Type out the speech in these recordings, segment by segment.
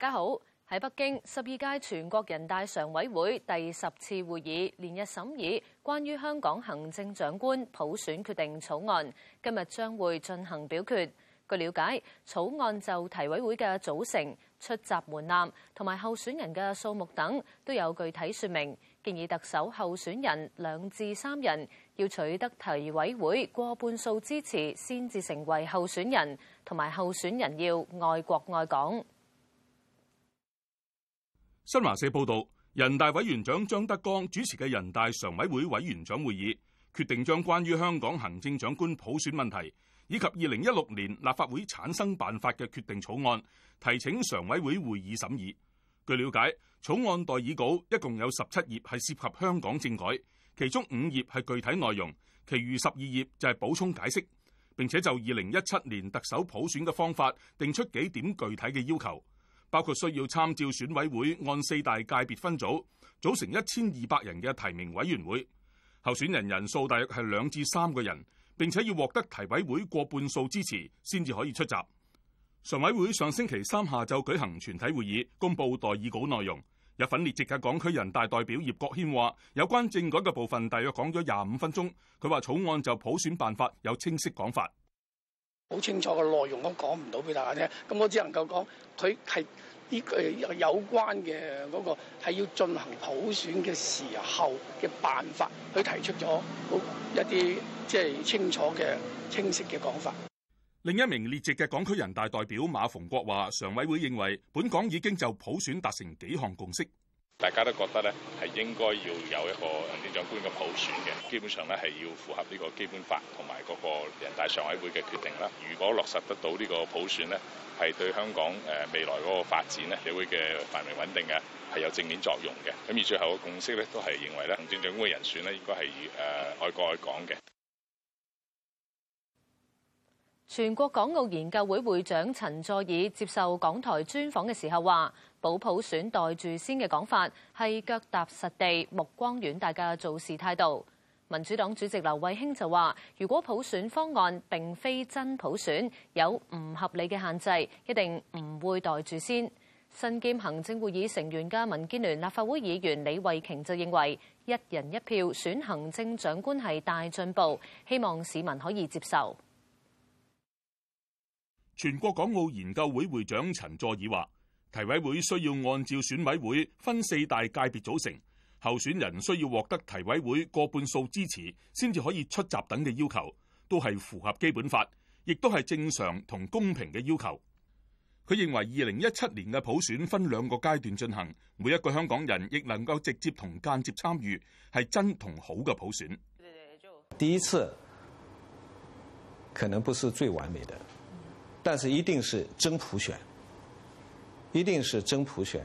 大家好，喺北京，十二屆全國人大常委會第十次會議連日審議關於香港行政長官普選決定草案，今日將會進行表決。據了解，草案就提委會嘅組成、出閘門檻同埋候選人嘅數目等都有具體說明，建議特首候選人兩至三人要取得提委會過半數支持先至成為候選人，同埋候選人要愛國愛港。新華社報道，人大委員長張德江主持嘅人大常委會委員長會議，決定將關於香港行政長官普選問題以及二零一六年立法會產生辦法嘅決定草案提請常委會會議審議。據了解，草案代議稿一共有十七頁，係涉及香港政改，其中五頁係具體內容，其餘十二頁就係補充解釋，並且就二零一七年特首普選嘅方法定出幾點具體嘅要求。包括需要參照選委會按四大界別分組，組成一千二百人嘅提名委員會，候選人人數大約係兩至三個人，並且要獲得提委會過半數支持先至可以出閘。常委會上星期三下晝舉行全體會議，公布代議稿內容。有份列席嘅港區人大代表葉國謙話，有關政改嘅部分大約講咗廿五分鐘。佢話草案就普選辦法有清晰講法。好清楚嘅內容都講唔到俾大家聽，咁我只能夠講，佢係呢個有關嘅嗰個係要進行普選嘅時候嘅辦法，佢提出咗好一啲即係清楚嘅，清晰嘅講法。另一名列席嘅港區人大代表馬逢國話，常委會認為本港已經就普選達成幾項共識。大家都覺得咧係應該要有一個行政長官嘅普選嘅，基本上咧係要符合呢個基本法同埋嗰個人大常委會嘅決定啦。如果落實得到呢個普選咧，係對香港誒未來嗰個發展咧，社會嘅繁榮穩定呀，係有正面作用嘅。咁而最後嘅共識咧都係認為咧，行政長官嘅人選咧，應該係以誒愛國愛港嘅。全國港澳研究會會長陳佐洱接受港台專訪嘅時候話，保普選袋住先嘅講法係腳踏實地、目光遠大嘅做事態度。民主黨主席劉慧卿就話，如果普選方案並非真普選，有唔合理嘅限制，一定唔會袋住先。身兼行政會議成員嘅民建聯立法會議員李慧瓊就認為，一人一票選行政長官係大進步，希望市民可以接受。全國港澳研究會會長陳佐洱話，提委會需要按照選委會分四大界別組成，候選人需要獲得提委會過半數支持，先至可以出閘等嘅要求，都係符合基本法，亦都係正常同公平嘅要求。佢認為二零一七年嘅普選分兩個階段進行，每一個香港人亦能夠直接同間接參與，係真同好嘅普選。第一次可能不是最完美的。但是一定是真普選，一定是真普選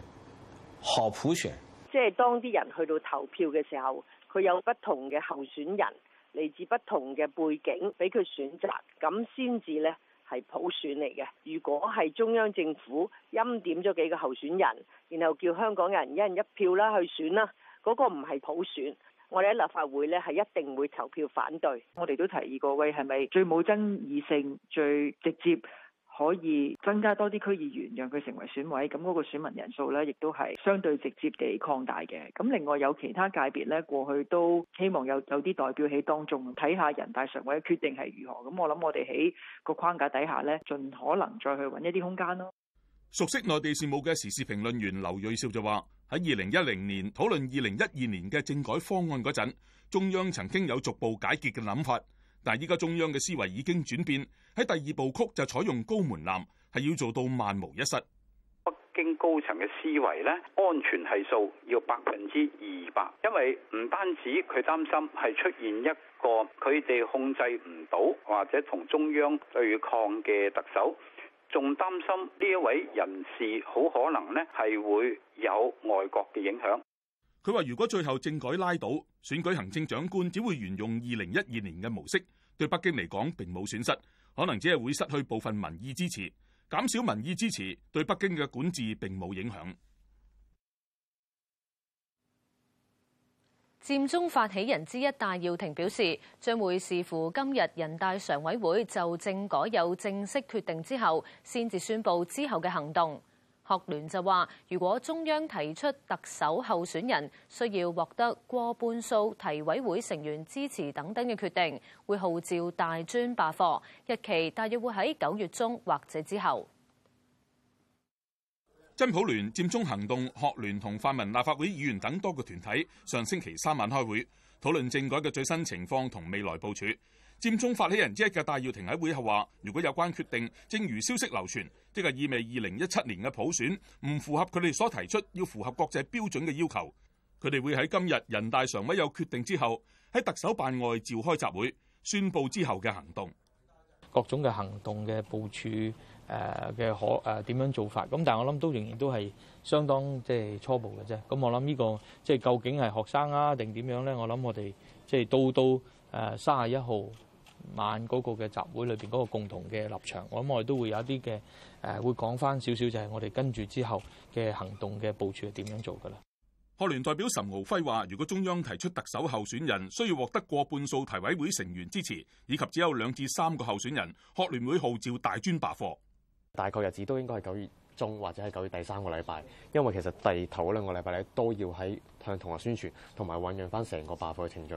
好普選，即係當啲人去到投票嘅時候，佢有不同嘅候選人嚟自不同嘅背景，俾佢選擇，咁先至咧係普選嚟嘅。如果係中央政府欽點咗幾個候選人，然後叫香港人一人一票啦去選啦，嗰個唔係普選，我哋喺立法會咧係一定會投票反對，我哋都提議過喂，係咪最冇爭議性、最直接？可以增加多啲區議員讓佢成為選委，咁嗰個選民人數咧，亦都係相對直接地擴大嘅。咁另外有其他界別咧，過去都希望有有啲代表喺當中睇下人大常委嘅決定係如何。咁我諗，我哋喺個框架底下咧，盡可能再去揾一啲空間咯。熟悉內地事務嘅時事評論員劉瑞兆就話，喺二零一零年討論二零一二年嘅政改方案嗰陣，中央曾經有逐步解決嘅諗法，但係依家中央嘅思維已經轉變。喺第二部曲就採用高門檻，係要做到萬無一失。北京高層嘅思維咧，安全係數要百分之二百，因為唔單止佢擔心係出現一個佢哋控制唔到或者同中央對抗嘅特首，仲擔心呢一位人士好可能咧係會有外國嘅影響。佢話如果最後政改拉倒，選舉行政長官只會沿用二零一二年嘅模式，對北京嚟講並冇損失。可能只係會失去部分民意支持，減少民意支持對北京嘅管治並冇影響。佔中發起人之一戴耀廷表示，將會視乎今日人大常委會就政改有正式決定之後，先至宣布之後嘅行動。學聯就話，如果中央提出特首候選人需要獲得過半數提委會成員支持等等嘅決定，會號召大專罷課，日期大約會喺九月中或者之後。真普聯、佔中行動、學聯同泛民立法會議員等多個團體，上星期三晚開會，討論政改嘅最新情況同未來部署。佔中發起人之一嘅戴耀廷喺會後話：如果有關決定正如消息流傳，即係意味二零一七年嘅普選唔符合佢哋所提出要符合國際標準嘅要求，佢哋會喺今日人大常委有決定之後，喺特首辦外召開集會宣佈之後嘅行動。各種嘅行動嘅部署誒嘅可誒點樣做法咁，但係我諗都仍然都係相當即係初步嘅啫。咁我諗呢個即係究竟係學生啊定點樣咧？我諗我哋即係到到誒三十一號晚嗰個嘅集會裏邊嗰個共同嘅立場，我諗我哋都會有一啲嘅誒，會講翻少少，就係我哋跟住之後嘅行動嘅部署係點樣做㗎啦。學聯代表岑敖暉話，如果中央提出特首候選人需要獲得過半數提委會成員支持，以及只有兩至三個候選人，學聯會號召大專罷課。大概日子都應該係九月中或者喺九月第三個禮拜，因為其實第二頭兩個禮拜咧都要喺向同學宣傳同埋醞釀翻成個罷課嘅程序。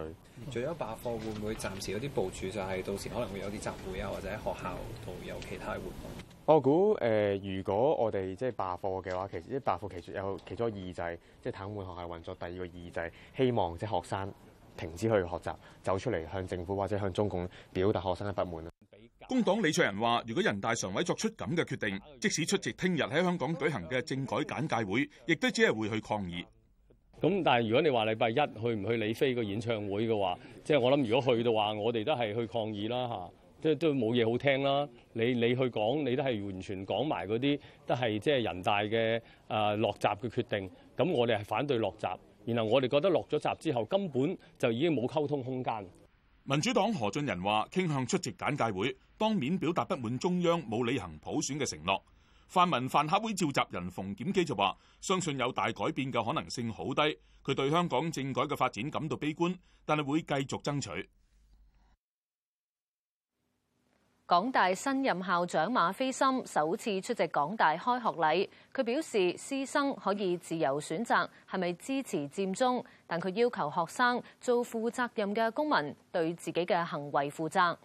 除咗罷課會唔會暫時有啲部署、就係，就係到時可能會有啲集會啊，或者喺學校度有其他嘅活動？我估誒、呃、如果我哋即係罷課嘅話，其實啲罷課其實有其中一個意義就係即係癱瘓學校運作，第二個意義就係希望即係學生停止去學習走出嚟向政府或者向中共表達學生嘅不滿。工黨李卓人話：如果人大常委作出咁嘅決定，即使出席聽日喺香港舉行嘅政改簡介會，亦都只係會去抗議。咁但係如果你話禮拜一去唔去李飛個演唱會嘅話，即係我諗如果去嘅話，我哋都係去抗議啦吓，即係都冇嘢好聽啦。你你去講，你都係完全講埋嗰啲都係即係人大嘅誒落閘嘅決定。咁我哋係反對落閘，然後我哋覺得落咗閘之後，根本就已經冇溝通空間。民主黨何俊仁話：傾向出席簡介會。當面表達不滿，中央冇履行普選嘅承諾。泛民飯盒會召集人馮檢基就話，相信有大改變嘅可能性好低。佢對香港政改嘅發展感到悲觀，但係會繼續爭取。港大新任校長馬斐森首次出席港大開學禮，佢表示師生可以自由選擇係咪支持佔中，但佢要求學生做負責任嘅公民，對自己嘅行為負責。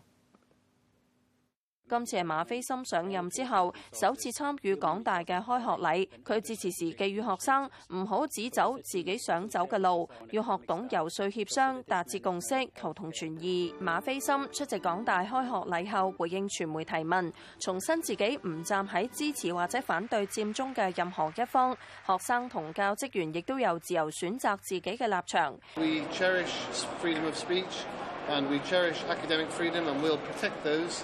今次係馬斐森上任之後首次參與港大嘅開學禮，佢致辭時寄語學生唔好只走自己想走嘅路，要學懂遊說、協商、達至共識、求同存異。馬斐森出席港大開學禮後回應傳媒提問，重申自己唔站喺支持或者反對佔中嘅任何一方，學生同教職員亦都有自由選擇自己嘅立場。We cherish freedom of speech and we cherish academic freedom and we'll protect those.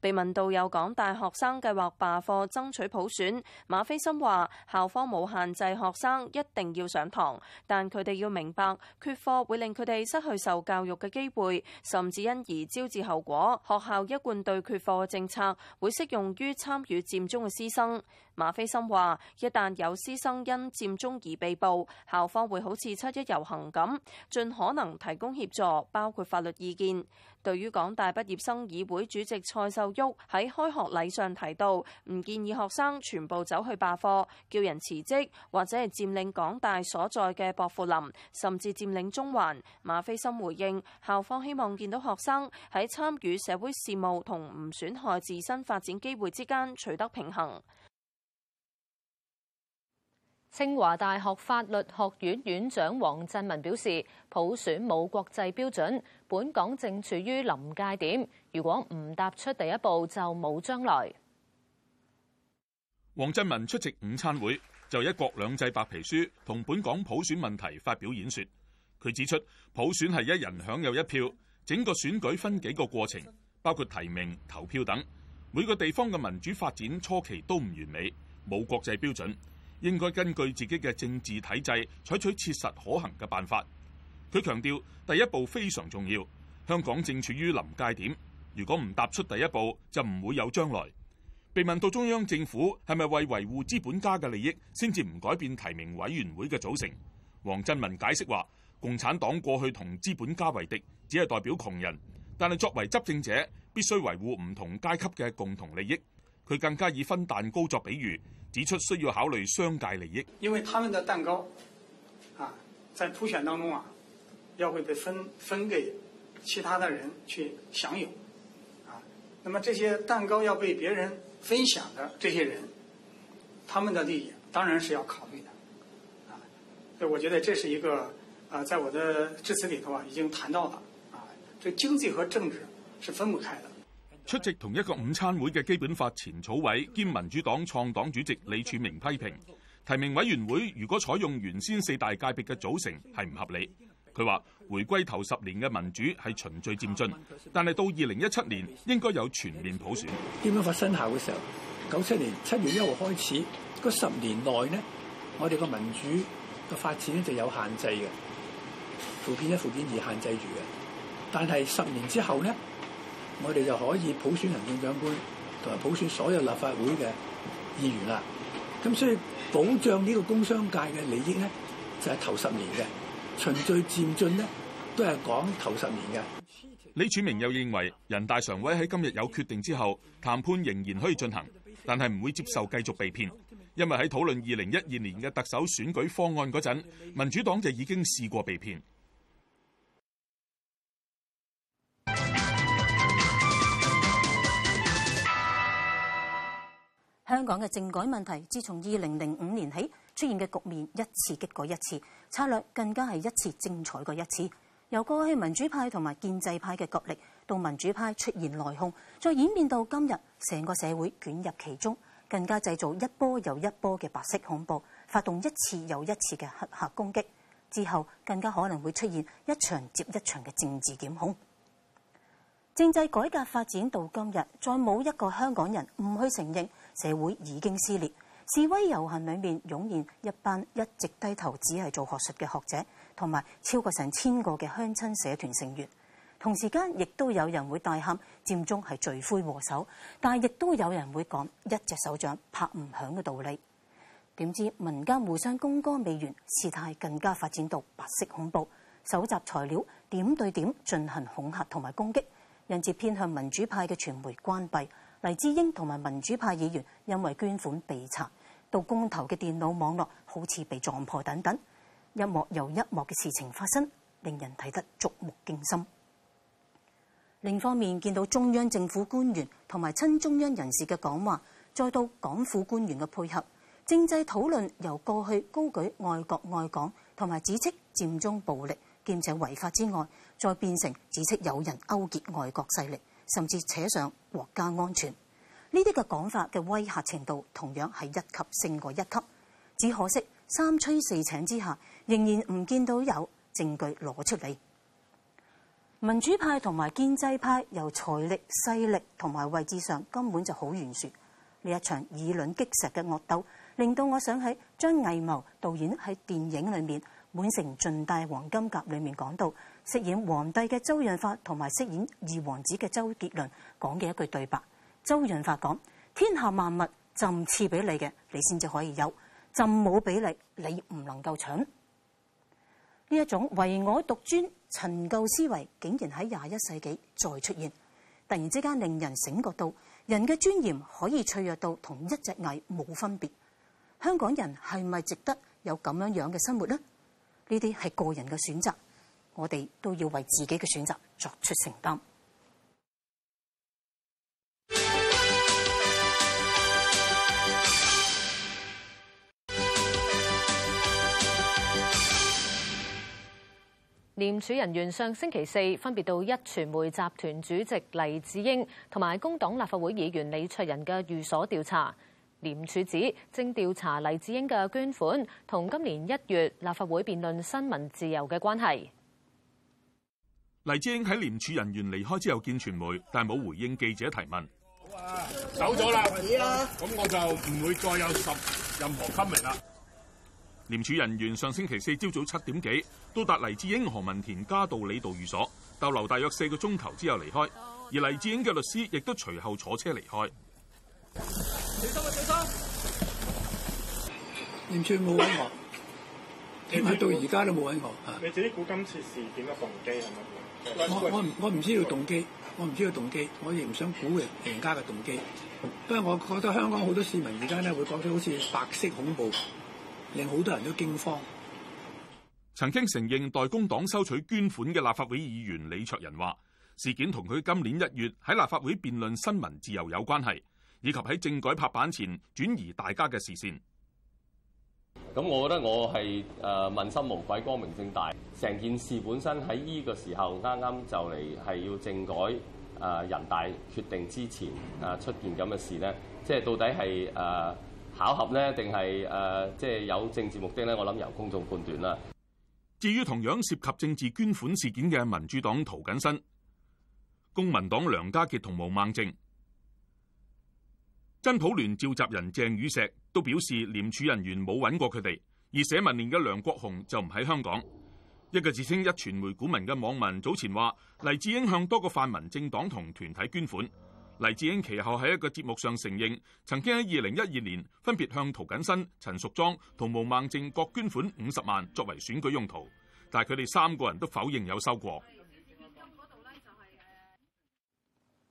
被問到有港大學生計劃罷課爭取普選，馬斐森話校方冇限制學生一定要上堂，但佢哋要明白缺課會令佢哋失去受教育嘅機會，甚至因而招致後果。學校一貫對缺課嘅政策會適用於參與佔中嘅師生。馬斐森話一旦有師生因佔中而被捕，校方會好似七一遊行咁，盡可能提供協助，包括法律意見。對於港大畢業生議會主席蔡秀郁喺開學禮上提到，唔建議學生全部走去罷課，叫人辭職或者係佔領港大所在嘅薄扶林，甚至佔領中環。馬斐森回應，校方希望見到學生喺參與社會事務同唔損害自身發展機會之間取得平衡。清華大學法律學院院長王振民表示，普選冇國際標準。本港正處於臨界點，如果唔踏出第一步，就冇將來。王振民出席午餐會，就一國兩制白皮書同本港普選問題發表演說。佢指出，普選係一人享有一票，整個選舉分幾個過程，包括提名、投票等。每個地方嘅民主發展初期都唔完美，冇國際標準，應該根據自己嘅政治體制，採取切實可行嘅辦法。佢強調第一步非常重要，香港正處於臨界點，如果唔踏出第一步，就唔會有將來。被問到中央政府係咪為維護資本家嘅利益先至唔改變提名委員會嘅組成，王振民解釋話：「共產黨過去同資本家為敵，只係代表窮人，但係作為執政者必須維護唔同階級嘅共同利益。佢更加以分蛋糕作比喻，指出需要考慮商界利益。因為他們嘅蛋糕，啊，在普選當中啊。要會被分分給其他的人去享有啊，那麼這些蛋糕要被別人分享的這些人，他們的利益當然是要考慮的啊。所以，我覺得這是一個啊，在我的致辭裏頭啊，已經談到了啊。這經濟和政治是分不開的。出席同一個午餐會嘅基本法前草委兼民主黨創黨主席李柱銘批評提名委員會，如果採用原先四大界別嘅組成係唔合理。佢話回歸頭十年嘅民主係循序漸進，但係到二零一七年應該有全面普選。點樣發生效嘅時候？九七年七月一號開始，個十年內咧，我哋個民主個發展咧就有限制嘅，附件一附件二限制住嘅。但係十年之後咧，我哋就可以普選行政長官同埋普選所有立法會嘅議員啦。咁所以保障呢個工商界嘅利益咧，就係頭十年嘅。循序漸進呢，都係講頭十年嘅。李柱銘又認為，人大常委喺今日有決定之後，談判仍然可以進行，但係唔會接受繼續被騙，因為喺討論二零一二年嘅特首選舉方案嗰陣，民主黨就已經試過被騙。香港嘅政改問題，自從二零零五年起出現嘅局面，一次激過一次，策略更加係一次精彩過一次。由過去民主派同埋建制派嘅角力，到民主派出現內訌，再演變到今日，成個社會捲入其中，更加製造一波又一波嘅白色恐怖，發動一次又一次嘅黑客攻擊。之後更加可能會出現一場接一場嘅政治檢控。政制改革發展到今日，再冇一個香港人唔去承認。社會已經撕裂，示威遊行裏面湧現一班一直低頭只係做學術嘅學者，同埋超過成千個嘅鄉親社團成員。同時間亦都有人會大喊佔中係罪魁禍首，但係亦都有人會講一隻手掌拍唔響嘅道理。點知民間互相攻歌未完，事態更加發展到白色恐怖，搜集材料點對點進行恐嚇同埋攻擊，甚至偏向民主派嘅傳媒關閉。黎智英同埋民主派議員因為捐款被查，到公投嘅電腦網絡好似被撞破，等等一幕又一幕嘅事情發生，令人睇得觸目驚心。另一方面，見到中央政府官員同埋親中央人士嘅講話，再到港府官員嘅配合，政制討論由過去高舉愛國愛港同埋指斥佔中暴力、兼且違法之外，再變成指斥有人勾結外國勢力。甚至扯上國家安全呢啲嘅講法嘅威嚇程度，同樣係一級勝過一級。只可惜三催四請之下，仍然唔見到有證據攞出嚟。民主派同埋建制派由財力勢力同埋位置上根本就好懸殊。呢一場以卵擊石嘅惡鬥，令到我想起張藝謀導演喺電影裏面《滿城盡帶黃金甲》裏面講到。飾演皇帝嘅周潤發同埋飾演二王子嘅周杰倫講嘅一句對白：周潤發講，天下萬物朕賜俾你嘅，你先至可以有，朕冇俾你，你唔能夠搶呢一種唯我獨尊、陳舊思維，竟然喺廿一世紀再出現，突然之間令人醒覺到人嘅尊嚴可以脆弱到同一隻蟻冇分別。香港人係咪值得有咁樣樣嘅生活呢？呢啲係個人嘅選擇。我哋都要為自己嘅選擇作出承擔。廉署人員上星期四分別到壹傳媒集團主席黎智英同埋工黨立法會議員李卓人嘅寓所調查。廉署指正調查黎智英嘅捐款同今年一月立法會辯論新聞自由嘅關係。黎智英喺廉署人員離開之後見傳媒，但係冇回應記者提問。好啊，走咗啦，咁我就唔會再有十任何分明啦。廉署人員上星期四朝早七點幾到達黎智英何文田嘉道理道寓所逗留大約四個鐘頭之後離開，而黎智英嘅律師亦都隨後坐車離開。小心啊，小心！廉署冇揾我，點解到而家都冇揾我？你自己估今次事件嘅動機係我我唔我唔知道要動機，我唔知道要動機，我亦唔想估人人家嘅動機，不過我覺得香港好多市民而家咧會覺得好似白色恐怖，令好多人都驚慌。曾經承認代工黨收取捐款嘅立法會議員李卓人話：事件同佢今年一月喺立法會辯論新聞自由有關係，以及喺政改拍板前轉移大家嘅視線。咁我覺得我係誒問心無愧，光明正大。成件事本身喺呢個時候啱啱就嚟係要政改誒人大決定之前誒出現，咁嘅事呢即係到底係誒巧合呢？定係誒即係有政治目的呢？我諗由公眾判斷啦。至於同樣涉及政治捐款事件嘅民主黨涂謹申、公民黨梁家傑同毛孟靜、真普聯召集人鄭宇碩，都表示廉署人員冇揾過佢哋，而社民連嘅梁國雄就唔喺香港。一個自稱一傳媒股民嘅網民早前話黎智英向多個泛民政黨同團體捐款，黎智英其後喺一個節目上承認，曾經喺二零一二年分別向涂謹申、陳淑莊同毛孟靜各捐款五十萬作為選舉用途，但係佢哋三個人都否認有收過。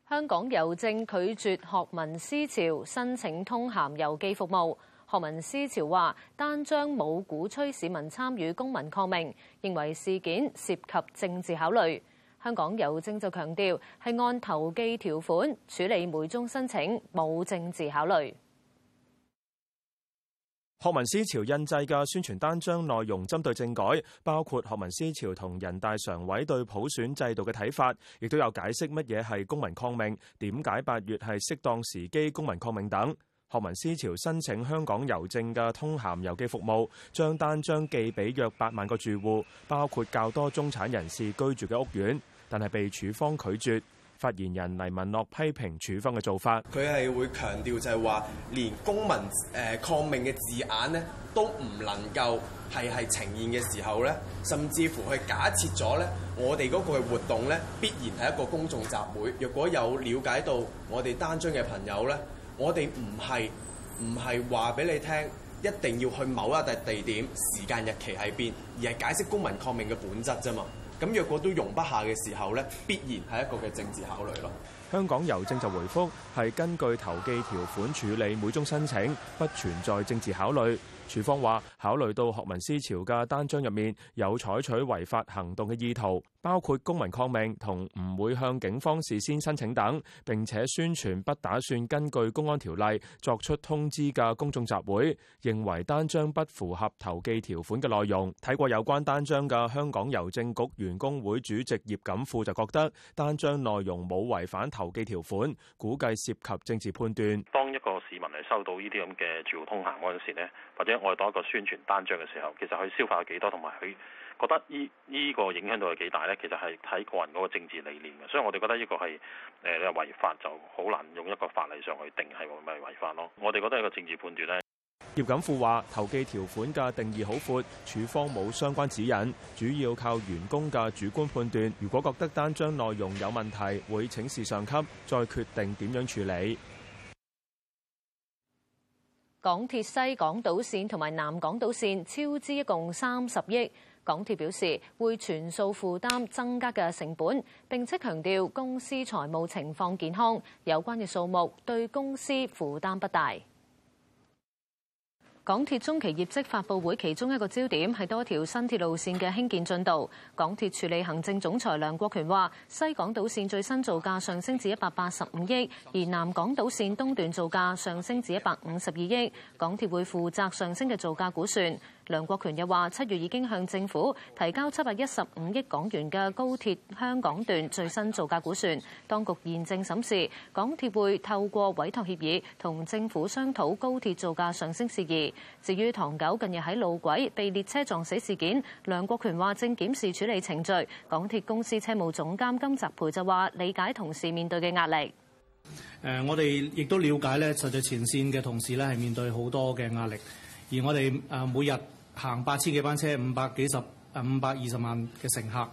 香港郵政拒絕學民思潮申請通函郵寄服務。學民思潮話單張冇鼓吹市民參與公民抗命，認為事件涉及政治考慮。香港郵政就強調係按投寄條款處理每宗申請，冇政治考慮。學民思潮印製嘅宣傳單張內容針對政改，包括學民思潮同人大常委對普選制度嘅睇法，亦都有解釋乜嘢係公民抗命，點解八月係適當時機公民抗命等。學民思潮申請香港郵政嘅通函郵寄服務，將單張寄俾約八萬個住戶，包括較多中產人士居住嘅屋苑，但係被署方拒絕。發言人黎文樂批評處分嘅做法，佢係會強調就係話，連公民誒、呃、抗命嘅字眼呢都唔能夠係係呈現嘅時候呢，甚至乎去假設咗呢，我哋嗰個活動呢必然係一個公眾集會。若果有了解到我哋單張嘅朋友呢，我哋唔係唔係話俾你聽，一定要去某一笪地點、時間、日期喺邊，而係解釋公民抗命嘅本質啫嘛。咁若果都容不下嘅時候咧，必然係一個嘅政治考慮咯。香港郵政就回覆：係根據投寄條款處理每宗申請，不存在政治考慮。處方話考慮到學民思潮嘅單張入面有採取違法行動嘅意圖，包括公民抗命同唔會向警方事先申請等，並且宣傳不打算根據公安條例作出通知嘅公眾集會，認為單張不符合投寄條款嘅內容。睇過有關單張嘅香港郵政局員工會主席葉錦富就覺得單張內容冇違反。投寄條款，估計涉及政治判斷。當一個市民嚟收到呢啲咁嘅條通函嗰陣時咧，或者我哋當一個宣傳單張嘅時候，其實佢消化有幾多，同埋佢覺得呢呢個影響到佢幾大呢？其實係睇個人嗰個政治理念嘅。所以我哋覺得呢個係誒違法，就好難用一個法例上去定係咪違法咯。我哋覺得係個政治判斷呢。葉錦富話：投寄條款嘅定義好闊，處方冇相關指引，主要靠員工嘅主觀判斷。如果覺得單張內容有問題，會請示上級，再決定點樣處理。港鐵西港島線同埋南港島線超支一共三十億，港鐵表示會全數負擔增加嘅成本。並且強調公司財務情況健康，有關嘅數目對公司負擔不大。港鐵中期業績發佈會其中一個焦點係多條新鐵路線嘅興建進度。港鐵署理行政總裁梁國權話：西港島線最新造價上升至一百八十五億，而南港島線東段造價上升至一百五十二億。港鐵會負責上升嘅造價估算。梁國權又話：七月已經向政府提交七百一十五億港元嘅高鐵香港段最新造價估算，當局現正審視。港鐵會透過委託協議同政府商討高鐵造價上升事宜。至於唐九近日喺路軌被列車撞死事件，梁國權話正檢視處理程序。港鐵公司車務總監金澤培就話：理解同事面對嘅壓力。誒、呃，我哋亦都了解呢，實在前線嘅同事呢係面對好多嘅壓力，而我哋誒每日。行八千幾班車，五百幾十誒、啊、五百二十萬嘅乘客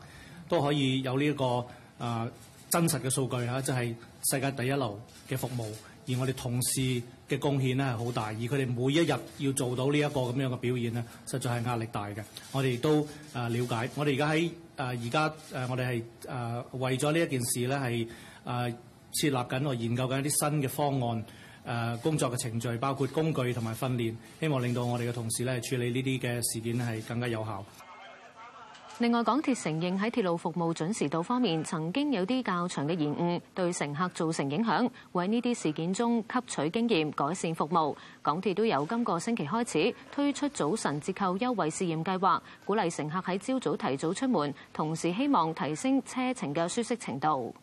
都可以有呢、這、一個誒、呃、真實嘅數據嚇，即、啊、係、就是、世界第一流嘅服務。而我哋同事嘅貢獻咧係好大，而佢哋每一日要做到呢一個咁樣嘅表現咧，實在係壓力大嘅。我哋亦都誒瞭、呃、解，我哋而家喺誒而家誒我哋係誒為咗呢一件事咧係誒設立緊我、呃、研究緊一啲新嘅方案。誒工作嘅程序，包括工具同埋訓練，希望令到我哋嘅同事咧處理呢啲嘅事件係更加有效。另外，港鐵承認喺鐵路服務準時度方面曾經有啲較長嘅延誤，對乘客造成影響，為呢啲事件中吸取經驗改善服務。港鐵都由今個星期開始推出早晨折扣優惠試驗計劃，鼓勵乘客喺朝早提早出門，同時希望提升車程嘅舒適程度。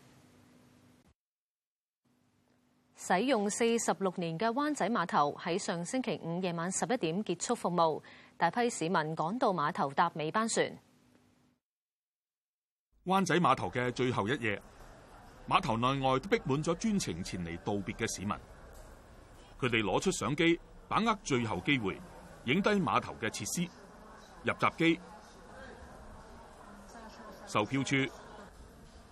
使用四十六年嘅灣仔碼頭喺上星期五夜晚十一點結束服務，大批市民趕到碼頭搭尾班船。灣仔碼頭嘅最後一夜，碼頭內外都逼滿咗專程前嚟道別嘅市民。佢哋攞出相機，把握最後機會，影低碼頭嘅設施、入閘機、售票處、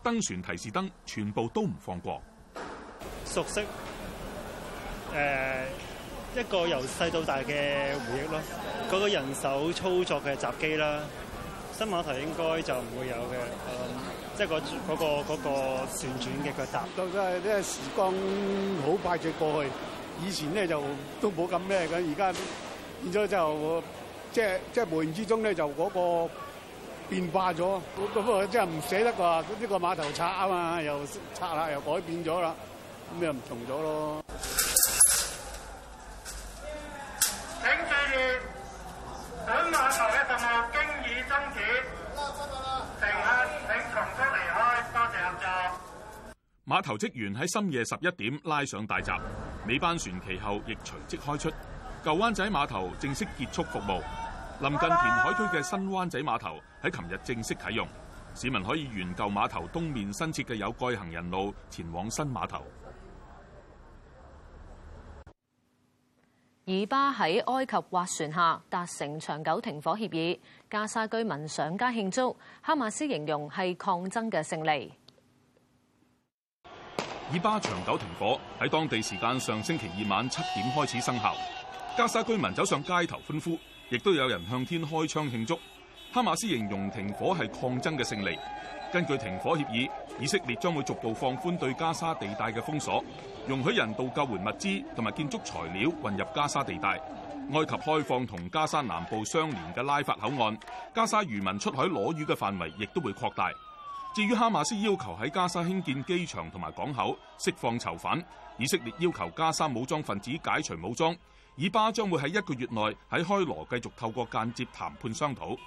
登船提示燈，全部都唔放過。熟悉。誒、呃、一個由細到大嘅回憶咯，嗰個人手操作嘅閘機啦，新碼頭應該就唔會有嘅。誒、呃，即、就、係、是嗰個嗰、嗰個嗰個旋轉嘅腳踏，咁啊！即係時光好快就過去。以前咧就都冇咁咩嘅，而家變咗之後即係即係無形之中咧就嗰個變化咗。咁即係唔捨得話呢、呢個碼頭拆啊嘛，又拆啦又改變咗啦，咁又唔同咗咯。碼頭職員喺深夜十一點拉上大閘，尾班船其後亦隨即開出，舊灣仔碼頭正式結束服務。臨近填海區嘅新灣仔碼頭喺琴日正式啟用，市民可以沿舊碼頭東面新設嘅有蓋行人路前往新碼頭。以巴喺埃及斡旋下達成長久停火協議，加沙居民上街慶祝，哈馬斯形容係抗爭嘅勝利。以巴長久停火喺當地時間上星期二晚七點開始生效，加沙居民走上街頭歡呼，亦都有人向天開槍慶祝。哈馬斯形容停火係抗爭嘅勝利。根據停火協議，以色列將會逐步放寬對加沙地帶嘅封鎖，容許人道救援物資同埋建築材料運入加沙地帶，埃及開放同加沙南部相連嘅拉法口岸。加沙漁民出海攞魚嘅範圍亦都會擴大。至於哈馬斯要求喺加沙興建機場同埋港口，釋放囚犯，以色列要求加沙武裝分子解除武裝，以巴將會喺一個月內喺開羅繼續透過間接談判商討。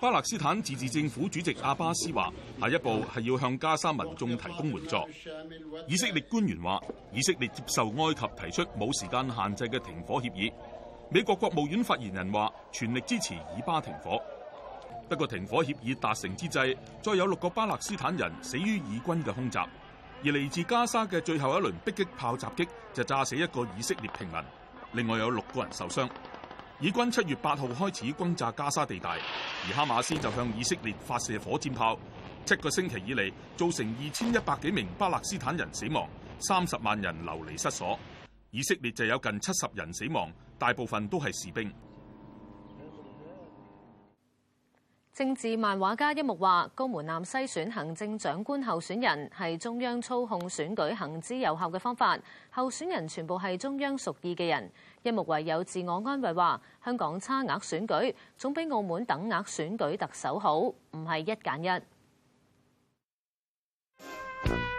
巴勒斯坦自治政府主席阿巴斯話：下一步係要向加沙民眾提供援助。以色列官員話：以色列接受埃及提出冇時間限制嘅停火協議。美國國務院發言人話：全力支持以巴停火。不過停火協議達成之際，再有六個巴勒斯坦人死於以軍嘅空襲，而嚟自加沙嘅最後一輪迫擊炮襲擊就炸死一個以色列平民，另外有六個人受傷。以軍七月八號開始轟炸加沙地帶，而哈馬斯就向以色列發射火箭炮。七個星期以嚟造成二千一百幾名巴勒斯坦人死亡，三十萬人流離失所。以色列就有近七十人死亡，大部分都係士兵。政治漫畫家一木話，高門檻篩選行政長官候選人係中央操控選舉行之有效嘅方法，候選人全部係中央屬意嘅人。一木唯有自我安慰話，香港差額選舉總比澳門等額選舉特首好，唔係一揀一。嗯